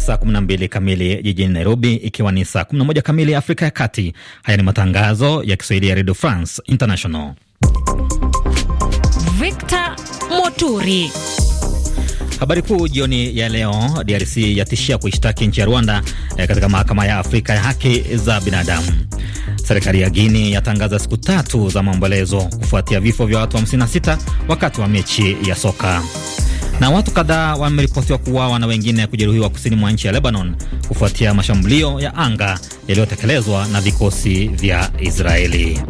ni saa 12 kamili jijini Nairobi, ikiwa ni saa 11 kamili Afrika ya Kati. Haya ni matangazo ya Kiswahili ya Radio France International. Victor Moturi. Habari kuu jioni ya leo: DRC yatishia kuishtaki nchi ya Rwanda eh, katika mahakama ya Afrika ya haki za binadamu. Serikali ya Guini yatangaza siku tatu za maombolezo kufuatia vifo vya watu 56 wa wakati wa mechi ya soka. Na watu kadhaa wameripotiwa kuuawa na wengine kujeruhiwa kusini mwa nchi ya Lebanon kufuatia mashambulio ya anga yaliyotekelezwa na vikosi vya Israeli.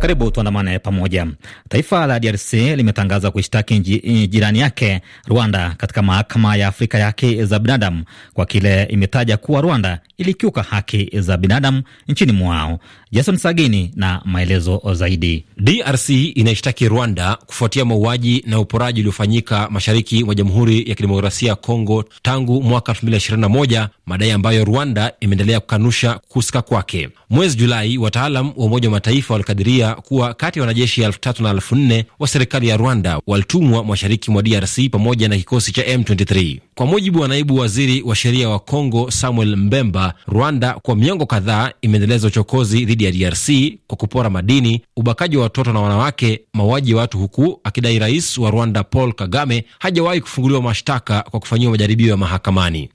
Karibu tuandamane pamoja. Taifa la DRC limetangaza kuishtaki eh, jirani yake Rwanda katika mahakama ya Afrika ya haki za binadamu kwa kile imetaja kuwa Rwanda ilikiuka haki za binadamu nchini mwao. Jason Sagini na maelezo zaidi. DRC inaishtaki Rwanda kufuatia mauaji na uporaji uliofanyika mashariki mwa Jamhuri ya Kidemokrasia ya Kongo tangu mwaka 2021, madai ambayo Rwanda imeendelea kukanusha kuhusika kwake. Mwezi Julai, wataalam wa Umoja wa Mataifa walikadiria kuwa kati ya wanajeshi elfu tatu na elfu nne wa serikali ya Rwanda walitumwa mashariki mwa DRC pamoja na kikosi cha M23. Kwa mujibu wa naibu waziri wa sheria wa congo Samuel Mbemba, Rwanda kwa miongo kadhaa imeendeleza uchokozi dhidi ya DRC kwa kupora madini, ubakaji wa watoto na wanawake, mauaji ya watu, huku akidai rais wa Rwanda Paul Kagame hajawahi kufunguliwa mashtaka kwa kufanyiwa majaribio ya mahakamani.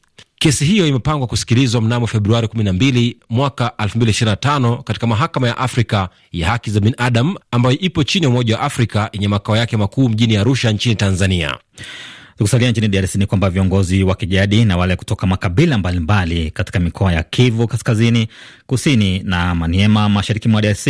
Kesi hiyo imepangwa kusikilizwa mnamo Februari 12 mwaka 2025 katika mahakama ya Afrika ya haki za binadamu ambayo ipo chini ya Umoja wa Afrika yenye makao yake makuu mjini Arusha nchini Tanzania. Tukusalia nchini DRC ni kwamba viongozi wa kijadi na wale kutoka makabila mbalimbali mbali katika mikoa ya Kivu Kaskazini, kusini na Maniema mashariki mwa DRC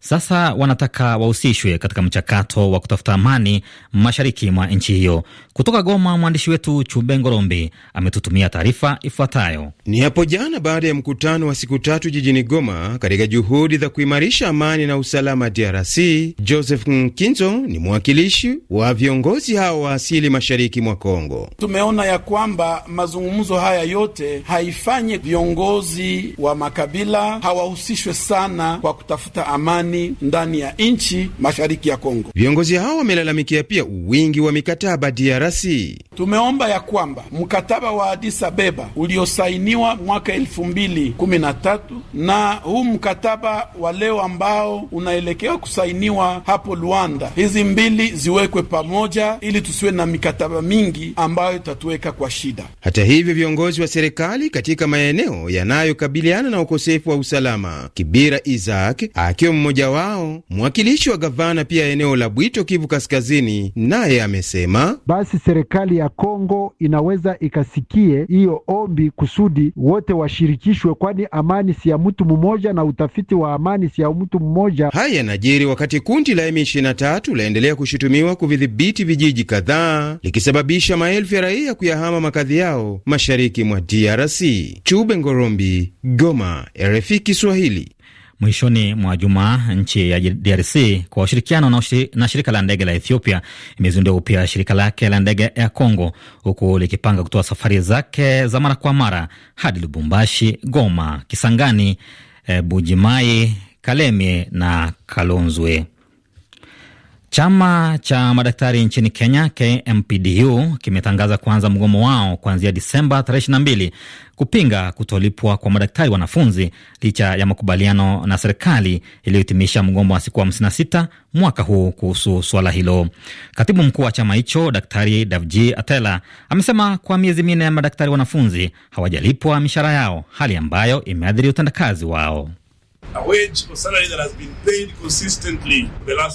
sasa wanataka wahusishwe katika mchakato wa kutafuta amani mashariki mwa nchi hiyo. Kutoka Goma, mwandishi wetu chube ngorombi ametutumia taarifa ifuatayo. Ni hapo jana baada ya mkutano wa siku tatu jijini Goma katika juhudi za kuimarisha amani na usalama DRC, Joseph Nkinzo ni mwakilishi wa viongozi hao wa asili mashariki mwa Kongo. Tumeona ya kwamba mazungumzo haya yote haifanyi viongozi wa makabila ila hawahusishwe sana kwa kutafuta amani ndani ya nchi mashariki ya Kongo. Viongozi hao wamelalamikia pia uwingi wa mikataba DRC. Tumeomba ya kwamba mkataba wa Addis Abeba uliosainiwa mwaka elfu mbili kumi na tatu na huu mkataba wa leo ambao unaelekewa kusainiwa hapo Luanda, hizi mbili ziwekwe pamoja ili tusiwe na mikataba mingi ambayo itatuweka kwa shida. Hata hivyo viongozi wa serikali katika maeneo yanayokabiliana na ukosefu ukosefu wa usalama. Kibira Isaac akiwa mmoja wao, mwakilishi wa gavana pia eneo la Bwito, Kivu Kaskazini, naye amesema basi serikali ya Kongo inaweza ikasikie hiyo ombi kusudi wote washirikishwe, kwani amani si ya mtu mmoja na utafiti wa amani si ya mtu mmoja. Haya yanajiri wakati kundi la M23 laendelea kushutumiwa kuvidhibiti vijiji kadhaa likisababisha maelfu ya raia kuyahama makazi yao mashariki mwa DRC. Chube Ngorombi, Goma, RFI Kiswahili. Mwishoni mwa Jumaa, nchi ya DRC kwa ushirikiano na, ushiri, na shirika la ndege la Ethiopia imezindua upya shirika lake la ndege ya Congo, huku likipanga kutoa safari zake za mara kwa mara hadi Lubumbashi, Goma, Kisangani, e, Bujimai, Kalemie na Kalonzwe. Chama cha madaktari nchini Kenya, KMPDU, kimetangaza kuanza mgomo wao kuanzia Disemba 22 kupinga kutolipwa kwa madaktari wanafunzi licha ya makubaliano na serikali iliyohitimisha mgomo wa siku 56 mwaka huu kuhusu suala hilo. Katibu mkuu wa chama hicho Daktari Davji Atela amesema kwa miezi minne ya madaktari wanafunzi hawajalipwa mishahara yao, hali ambayo imeathiri utendakazi wao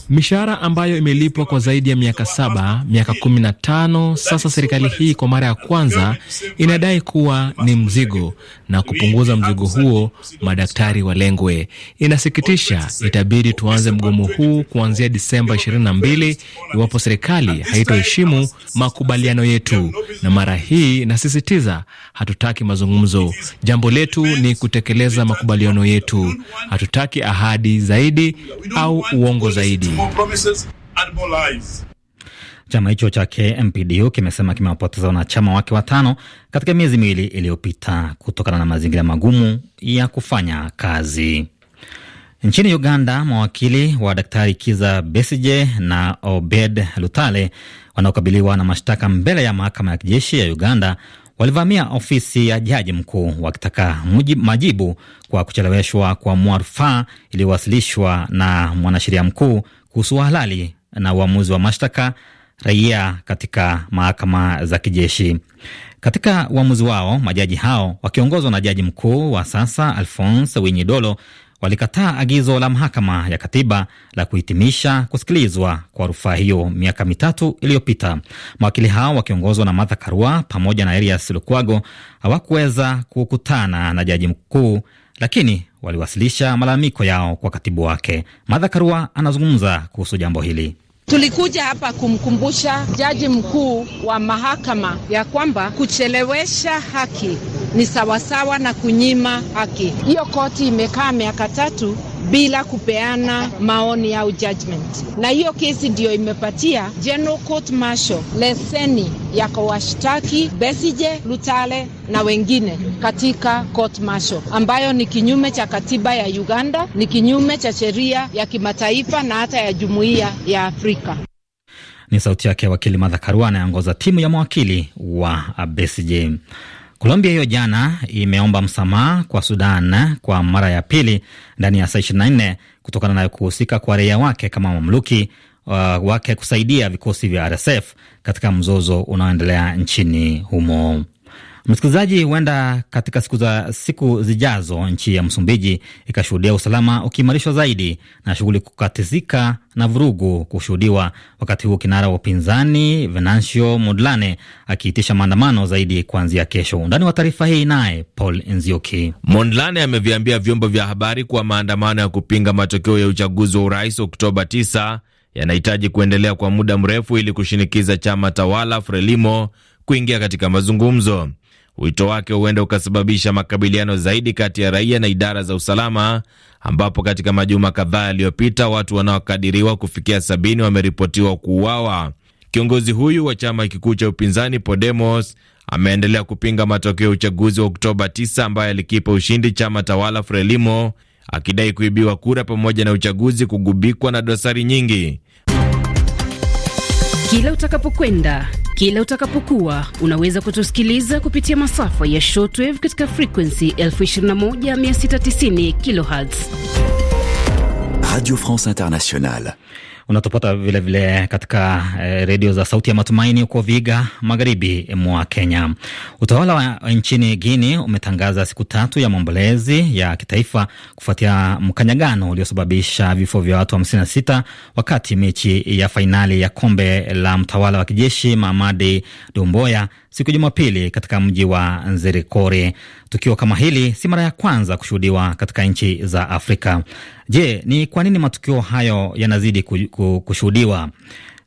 mishahara ambayo imelipwa kwa zaidi ya miaka saba, miaka kumi na tano sasa. Serikali hii kwa mara ya kwanza inadai kuwa ni mzigo, na kupunguza mzigo huo madaktari walengwe. Inasikitisha, itabidi tuanze mgomo huu kuanzia Disemba 22 iwapo serikali haitoheshimu makubaliano yetu, na mara hii nasisitiza, hatutaki mazungumzo. Jambo letu ni kutekeleza makubaliano yetu hatutaki ahadi zaidi au uongo zaidi. Chama hicho cha KMPDU kimesema kimewapoteza wanachama wake watano katika miezi miwili iliyopita kutokana na mazingira magumu ya kufanya kazi. Nchini Uganda, mawakili wa Daktari Kiza Besije na Obed Lutale wanaokabiliwa na mashtaka mbele ya mahakama ya kijeshi ya Uganda walivamia ofisi ya jaji mkuu wakitaka majibu kwa kucheleweshwa kwa mwarufaa iliyowasilishwa na mwanasheria mkuu kuhusu uhalali na uamuzi wa mashtaka raia katika mahakama za kijeshi. Katika uamuzi wao, majaji hao wakiongozwa na jaji mkuu wa sasa Alphonse Winyidolo walikataa agizo la mahakama ya katiba la kuhitimisha kusikilizwa kwa rufaa hiyo miaka mitatu iliyopita. Mawakili hao wakiongozwa na Martha Karua pamoja na Elias Lukwago hawakuweza kukutana na jaji mkuu, lakini waliwasilisha malalamiko yao kwa katibu wake. Martha Karua anazungumza kuhusu jambo hili. Tulikuja hapa kumkumbusha jaji mkuu wa mahakama ya kwamba kuchelewesha haki ni sawasawa na kunyima haki. Hiyo koti imekaa miaka tatu bila kupeana maoni au judgment, na hiyo kesi ndiyo imepatia General Court Martial leseni ya kuwashtaki Besije, Lutale na wengine katika court martial ambayo ni kinyume cha katiba ya Uganda, ni kinyume cha sheria ya kimataifa na hata ya jumuiya ya Afrika. Ni sauti yake wakili Madha Karua anayeongoza timu ya mawakili wa Besije. Colombia hiyo jana imeomba msamaha kwa Sudan kwa mara ya pili ndani ya saa 24 kutokana na kuhusika kwa raia wake kama mamluki uh, wake kusaidia vikosi vya RSF katika mzozo unaoendelea nchini humo. Msikilizaji, huenda katika siku za siku zijazo nchi ya Msumbiji ikashuhudia usalama ukiimarishwa zaidi na shughuli kukatizika na vurugu kushuhudiwa, wakati huu kinara wa upinzani Venancio Mondlane akiitisha maandamano zaidi kuanzia kesho. Undani wa taarifa hii naye Paul Nzioki. Mondlane ameviambia vyombo vya habari kuwa maandamano ya kupinga matokeo ya uchaguzi wa urais Oktoba 9 yanahitaji kuendelea kwa muda mrefu ili kushinikiza chama tawala Frelimo kuingia katika mazungumzo. Wito wake huenda ukasababisha makabiliano zaidi kati ya raia na idara za usalama, ambapo katika majuma kadhaa yaliyopita watu wanaokadiriwa kufikia sabini wameripotiwa kuuawa. Kiongozi huyu wa chama kikuu cha upinzani Podemos ameendelea kupinga matokeo ya uchaguzi wa Oktoba 9 ambaye alikipa ushindi chama tawala Frelimo, akidai kuibiwa kura pamoja na uchaguzi kugubikwa na dosari nyingi. Kila utakapokwenda kila utakapokuwa unaweza kutusikiliza kupitia masafa ya shortwave katika frequency 21690 kilohertz. Radio France Internationale. Unatupata vilevile katika eh, redio za Sauti ya Matumaini huko Viga, magharibi mwa Kenya. Utawala wa nchini Guini umetangaza siku tatu ya maombolezi ya kitaifa kufuatia mkanyagano uliosababisha vifo vya watu 56 wa wakati mechi ya fainali ya kombe la mtawala wa kijeshi Mamadi dumboya siku ya Jumapili katika mji wa Nzerikore. Tukio kama hili si mara ya kwanza kushuhudiwa katika nchi za Afrika. Je, ni kwa nini matukio hayo yanazidi kushuhudiwa?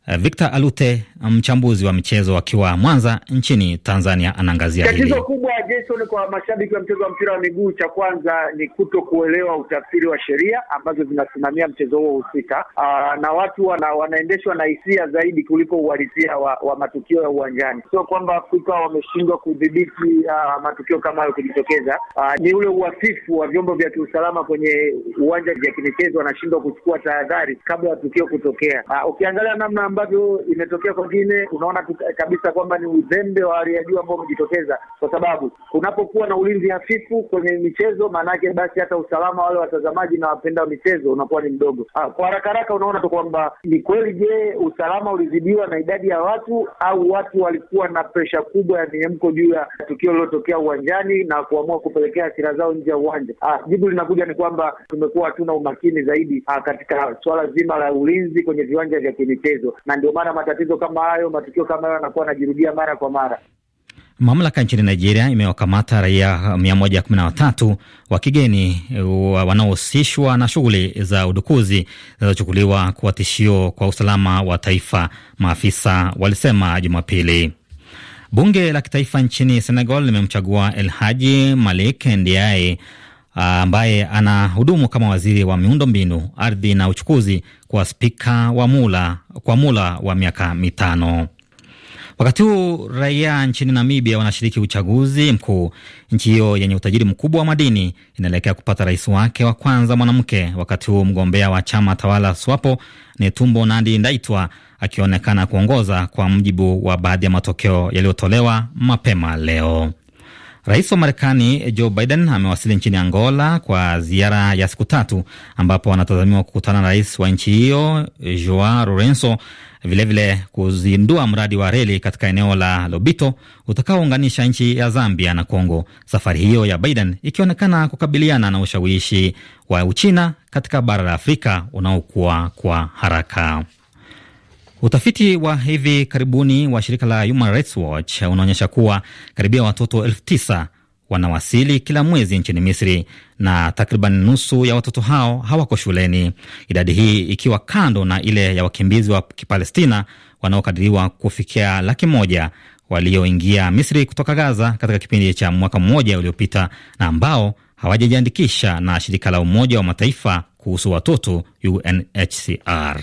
Eh, Victor Alute, mchambuzi wa michezo akiwa Mwanza nchini Tanzania, anaangazia Tatizo kubwa Jason, kwa mashabiki wa mchezo wa mpira wa miguu, cha kwanza ni kuto kuelewa utafsiri wa sheria ambazo zinasimamia mchezo huo husika, ah, na watu wana, wanaendeshwa na hisia zaidi kuliko uhalisia wa, wa matukio ya uwanjani. Sio kwamba Afrika wameshindwa kudhibiti ah, matukio kama hayo kujitokeza, ah, ni ule uwasifu wa vyombo vya kiusalama kwenye uwanja vya kimichezo, wanashindwa kuchukua tahadhari kabla ya tukio kutokea. Ukiangalia namna ambavyo imetokea kwengine unaona kabisa kwamba ni uzembe wa hali ya juu ambao umejitokeza, kwa sababu kunapokuwa na ulinzi hafifu kwenye michezo, maanake basi hata usalama wale watazamaji na wapenda wa michezo unakuwa ni mdogo. Ha, ah, kwa haraka haraka unaona tu kwamba ni kweli. Je, usalama ulizidiwa na idadi ya watu au watu walikuwa na presha kubwa ya miemko juu ya tukio lililotokea uwanjani na kuamua kupelekea hasira zao nje ya uwanja? Ah, jibu linakuja ni kwamba tumekuwa hatuna umakini zaidi ha, ah, katika suala zima la ulinzi kwenye viwanja vya kimichezo na ndio maana matatizo kama hayo, matukio kama hayo yanakuwa yanajirudia mara kwa mara. Mamlaka nchini Nigeria imewakamata raia 113 wa kigeni wanaohusishwa na shughuli za udukuzi zinazochukuliwa kuwa tishio kwa usalama wa taifa, maafisa walisema Jumapili. Bunge la kitaifa nchini Senegal limemchagua El Haji Malik Ndiaye Ah, ambaye anahudumu kama waziri wa miundombinu, ardhi na uchukuzi kwa spika wa mula, kwa mula wa miaka mitano. Wakati huu raia nchini Namibia wanashiriki uchaguzi mkuu. Nchi hiyo yenye utajiri mkubwa wa madini inaelekea kupata rais wake wa kwanza mwanamke, wakati huu mgombea wa chama tawala SWAPO Netumbo Nandi Ndaitwa akionekana kuongoza kwa mujibu wa baadhi ya matokeo yaliyotolewa mapema leo. Rais wa Marekani Joe Biden amewasili nchini Angola kwa ziara ya siku tatu ambapo anatazamiwa kukutana na rais wa nchi hiyo Joao Lourenco, vilevile kuzindua mradi wa reli katika eneo la Lobito utakaounganisha nchi ya Zambia na congo safari hiyo ya Biden ikionekana kukabiliana na ushawishi wa Uchina katika bara la Afrika unaokuwa kwa haraka. Utafiti wa hivi karibuni wa shirika la Human Rights Watch unaonyesha kuwa karibia watoto elfu tisa wanawasili kila mwezi nchini Misri na takriban nusu ya watoto hao hawako shuleni, idadi hii ikiwa kando na ile ya wakimbizi wa Kipalestina wanaokadiriwa kufikia laki moja walioingia Misri kutoka Gaza katika kipindi cha mwaka mmoja uliopita na ambao hawajajiandikisha na shirika la Umoja wa Mataifa kuhusu watoto UNHCR.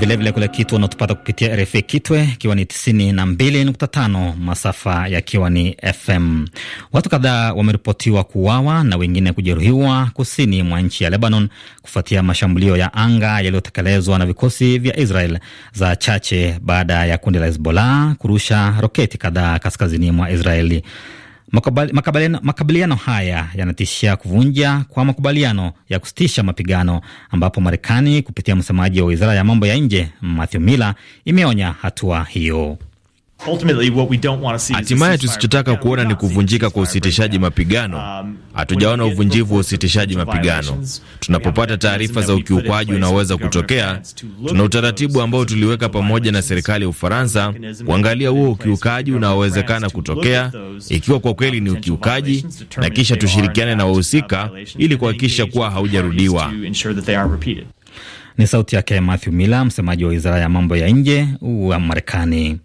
Vilevile kule Kitwe unatupata kupitia rf Kitwe ikiwa ni 92.5 masafa yakiwa ni FM. Watu kadhaa wameripotiwa kuuawa na wengine kujeruhiwa kusini mwa nchi ya Lebanon kufuatia mashambulio ya anga yaliyotekelezwa na vikosi vya Israel za chache baada ya kundi la Hezbollah kurusha roketi kadhaa kaskazini mwa Israeli. Makubaliano, haya yanatishia kuvunja kwa makubaliano ya kusitisha mapigano ambapo Marekani kupitia msemaji wa wizara ya mambo ya nje Matthew Miller imeonya hatua hiyo. Ah, hatimaye tusichotaka kuona ni kuvunjika kwa usitishaji mapigano. Um, Hatujaona uvunjivu wa usitishaji mapigano. Tunapopata taarifa za ukiukwaji unaoweza kutokea, tuna utaratibu ambao tuliweka pamoja na serikali ya Ufaransa kuangalia huo ukiukaji unaowezekana kutokea, ikiwa kwa kweli ni um, ukiukaji, na kisha tushirikiane na uh, wahusika ili kuhakikisha kuwa haujarudiwa. Ni sauti yake Matthew Miller, msemaji wa wizara ya mambo ya nje wa Marekani.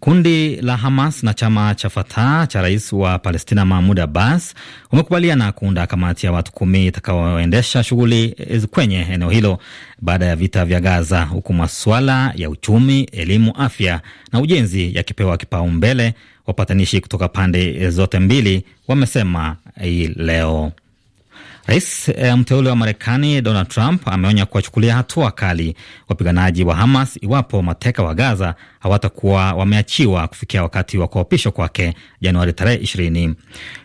Kundi la Hamas na chama cha Fatah cha rais wa Palestina Mahmud Abbas wamekubaliana kuunda kamati ya watu kumi itakaoendesha shughuli kwenye eneo hilo baada ya vita vya Gaza, huku masuala ya uchumi, elimu, afya na ujenzi yakipewa kipaumbele. Wapatanishi kutoka pande zote mbili wamesema hii leo. Rais eh, mteule wa Marekani Donald Trump ameonya kuwachukulia hatua kali wapiganaji wa Hamas iwapo mateka wa Gaza hawatakuwa wameachiwa kufikia wakati wa kuapishwa kwake Januari tarehe 20.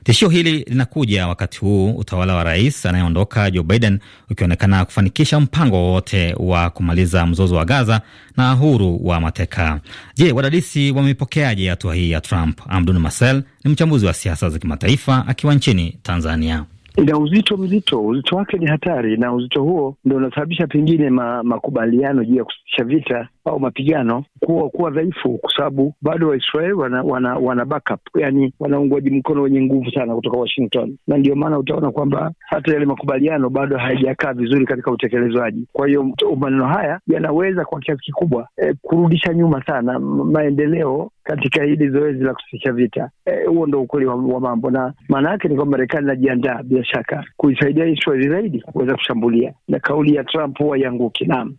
Tishio hili linakuja wakati huu utawala wa rais anayeondoka Joe Biden ukionekana kufanikisha mpango wowote wa kumaliza mzozo wa Gaza na uhuru wa mateka. Je, wadadisi wamepokeaje hatua hii ya Trump? Amdun Marcel ni mchambuzi wa siasa za kimataifa akiwa nchini Tanzania ina uzito mzito. Uzito wake ni hatari, na uzito huo ndo unasababisha pengine ma, makubaliano juu ya kusitisha vita au mapigano kuwa kuwa dhaifu, kwa sababu bado Waisraeli wana wana, wana backup, yani wana uungwaji mkono wenye nguvu sana kutoka Washington, na ndio maana utaona kwamba hata yale makubaliano bado hayajakaa vizuri katika utekelezwaji. Kwa hiyo maneno haya yanaweza kwa kiasi kikubwa eh, kurudisha nyuma sana maendeleo katika hili zoezi la kusitisha vita. Eh, huo e, ndo ukweli wa, wa mambo, na maana yake ni kwamba Marekani inajiandaa bila shaka kuisaidia Israeli zaidi kuweza kushambulia, na kauli ya Trump huwa ianguki. Naam.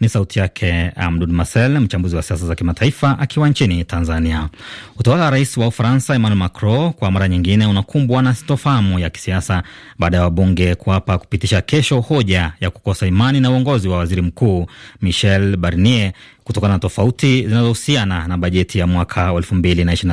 Ni sauti yake Amdul um, Masel, mchambuzi wa siasa za kimataifa akiwa nchini Tanzania. Utawala wa rais wa Ufaransa Emmanuel Macron kwa mara nyingine unakumbwa na sitofahamu ya kisiasa baada ya wabunge kuapa kupitisha kesho hoja ya kukosa imani na uongozi wa waziri mkuu Michel Barnier kutokana na tofauti zinazohusiana na bajeti ya mwaka wa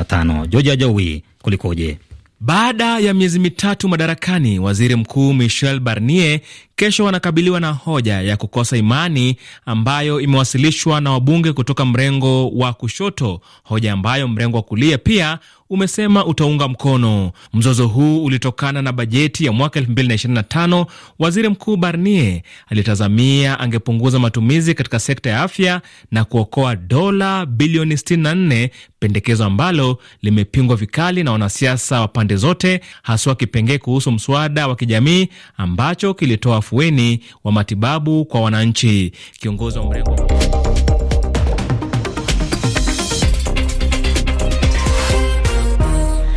tano. Joji Jowi, kulikoje? Baada ya miezi mitatu madarakani, waziri mkuu Michel Barnier kesho wanakabiliwa na hoja ya kukosa imani ambayo imewasilishwa na wabunge kutoka mrengo wa kushoto, hoja ambayo mrengo wa kulia pia umesema utaunga mkono. Mzozo huu ulitokana na bajeti ya mwaka 2025. Waziri Mkuu Barnier alitazamia angepunguza matumizi katika sekta ya afya na kuokoa dola bilioni 64, pendekezo ambalo limepingwa vikali na wanasiasa wa pande zote, haswa kipengee kuhusu mswada wa kijamii ambacho kilitoa afueni wa matibabu kwa wananchi. Kiongozi wa mrengo